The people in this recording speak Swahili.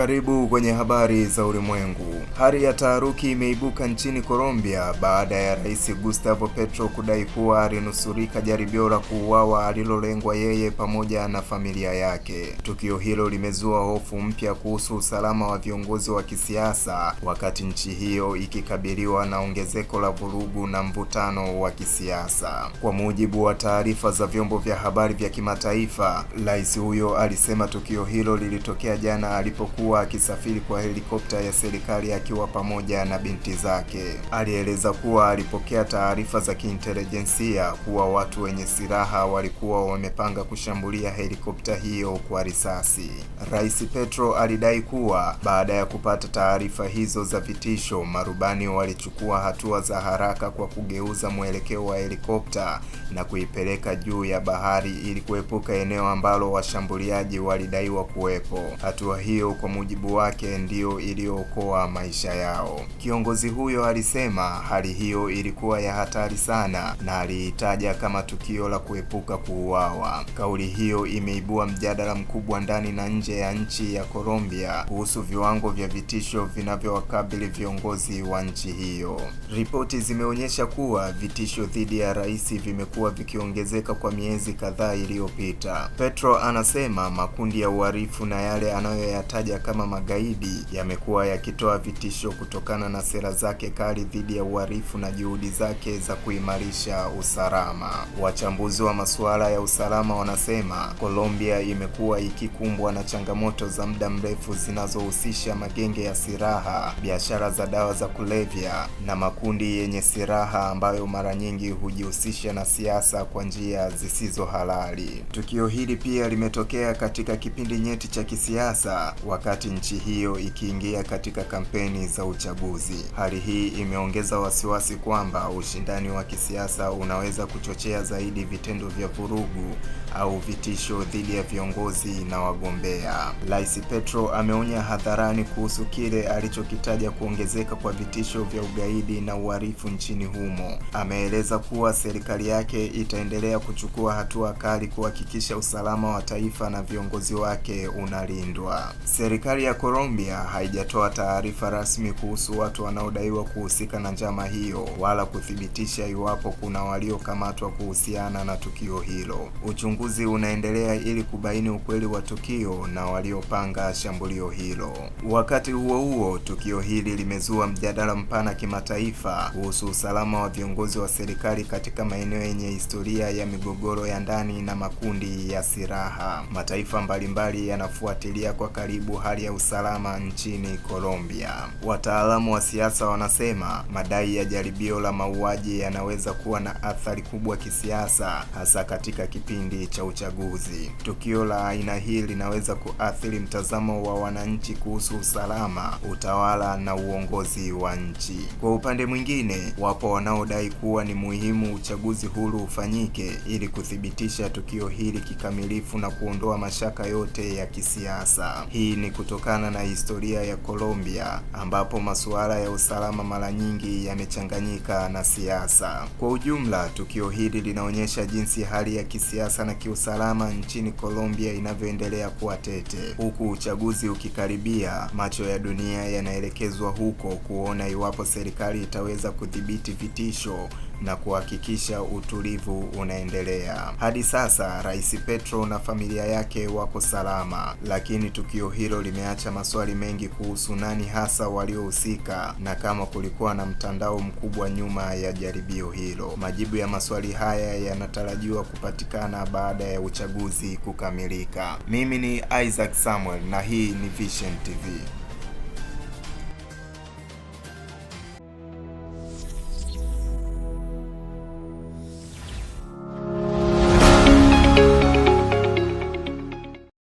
Karibu kwenye habari za ulimwengu. Hali ya taharuki imeibuka nchini Colombia baada ya Rais Gustavo Petro kudai kuwa alinusurika jaribio la kuuawa alilolengwa yeye pamoja na familia yake. Tukio hilo limezua hofu mpya kuhusu usalama wa viongozi wa kisiasa wakati nchi hiyo ikikabiliwa na ongezeko la vurugu na mvutano wa kisiasa. Kwa mujibu wa taarifa za vyombo vya habari vya kimataifa, rais huyo alisema tukio hilo lilitokea jana alipokuwa alikuwa akisafiri kwa helikopta ya serikali akiwa pamoja na binti zake. Alieleza kuwa alipokea taarifa za kiintelijensia kuwa watu wenye silaha walikuwa wamepanga kushambulia helikopta hiyo kwa risasi. Rais Petro alidai kuwa baada ya kupata taarifa hizo za vitisho, marubani walichukua hatua za haraka kwa kugeuza mwelekeo wa helikopta na kuipeleka juu ya bahari ili kuepuka eneo ambalo washambuliaji walidaiwa kuwepo. Hatua hiyo kwa mujibu wake ndiyo iliyookoa maisha yao. Kiongozi huyo alisema hali hiyo ilikuwa ya hatari sana na aliitaja kama tukio la kuepuka kuuawa. Kauli hiyo imeibua mjadala mkubwa ndani na nje ya nchi ya Colombia kuhusu viwango vya vitisho vinavyowakabili viongozi wa nchi hiyo. Ripoti zimeonyesha kuwa vitisho dhidi ya rais vimekuwa vikiongezeka kwa miezi kadhaa iliyopita. Petro anasema makundi ya uhalifu na yale anayoyataja kama magaidi yamekuwa yakitoa vitisho kutokana na sera zake kali dhidi ya uhalifu na juhudi zake za kuimarisha usalama. Wachambuzi wa masuala ya usalama wanasema Colombia imekuwa ikikumbwa na changamoto za muda mrefu zinazohusisha magenge ya silaha, biashara za dawa za kulevya na makundi yenye silaha ambayo mara nyingi hujihusisha na siasa kwa njia zisizo halali. Tukio hili pia limetokea katika kipindi nyeti cha kisiasa wakati wakati nchi hiyo ikiingia katika kampeni za uchaguzi. Hali hii imeongeza wasiwasi kwamba ushindani wa kisiasa unaweza kuchochea zaidi vitendo vya vurugu au vitisho dhidi ya viongozi na wagombea. Rais Petro ameonya hadharani kuhusu kile alichokitaja kuongezeka kwa vitisho vya ugaidi na uhalifu nchini humo. Ameeleza kuwa serikali yake itaendelea kuchukua hatua kali kuhakikisha usalama wa taifa na viongozi wake unalindwa. Serikali Serikali ya Colombia haijatoa taarifa rasmi kuhusu watu wanaodaiwa kuhusika na njama hiyo wala kuthibitisha iwapo kuna waliokamatwa kuhusiana na tukio hilo. Uchunguzi unaendelea ili kubaini ukweli wa tukio na waliopanga shambulio hilo. Wakati huo huo, tukio hili limezua mjadala mpana kimataifa kuhusu usalama wa viongozi wa serikali katika maeneo yenye historia ya migogoro ya ndani na makundi ya silaha. Mataifa mbalimbali yanafuatilia kwa karibu hali ya usalama nchini Colombia. Wataalamu wa siasa wanasema madai ya jaribio la mauaji yanaweza kuwa na athari kubwa kisiasa, hasa katika kipindi cha uchaguzi. Tukio la aina hii linaweza kuathiri mtazamo wa wananchi kuhusu usalama, utawala na uongozi wa nchi. Kwa upande mwingine, wapo wanaodai kuwa ni muhimu uchaguzi huru ufanyike ili kuthibitisha tukio hili kikamilifu na kuondoa mashaka yote ya kisiasa. Hii ni kutokana na historia ya Colombia ambapo masuala ya usalama mara nyingi yamechanganyika na siasa. Kwa ujumla, tukio hili linaonyesha jinsi hali ya kisiasa na kiusalama nchini Colombia inavyoendelea kuwa tete, huku uchaguzi ukikaribia. Macho ya dunia yanaelekezwa huko kuona iwapo serikali itaweza kudhibiti vitisho na kuhakikisha utulivu unaendelea. Hadi sasa Rais Petro na familia yake wako salama, lakini tukio hilo limeacha maswali mengi kuhusu nani hasa waliohusika na kama kulikuwa na mtandao mkubwa nyuma ya jaribio hilo. Majibu ya maswali haya yanatarajiwa kupatikana baada ya uchaguzi kukamilika. Mimi ni Isaac Samuel na hii ni Vision TV.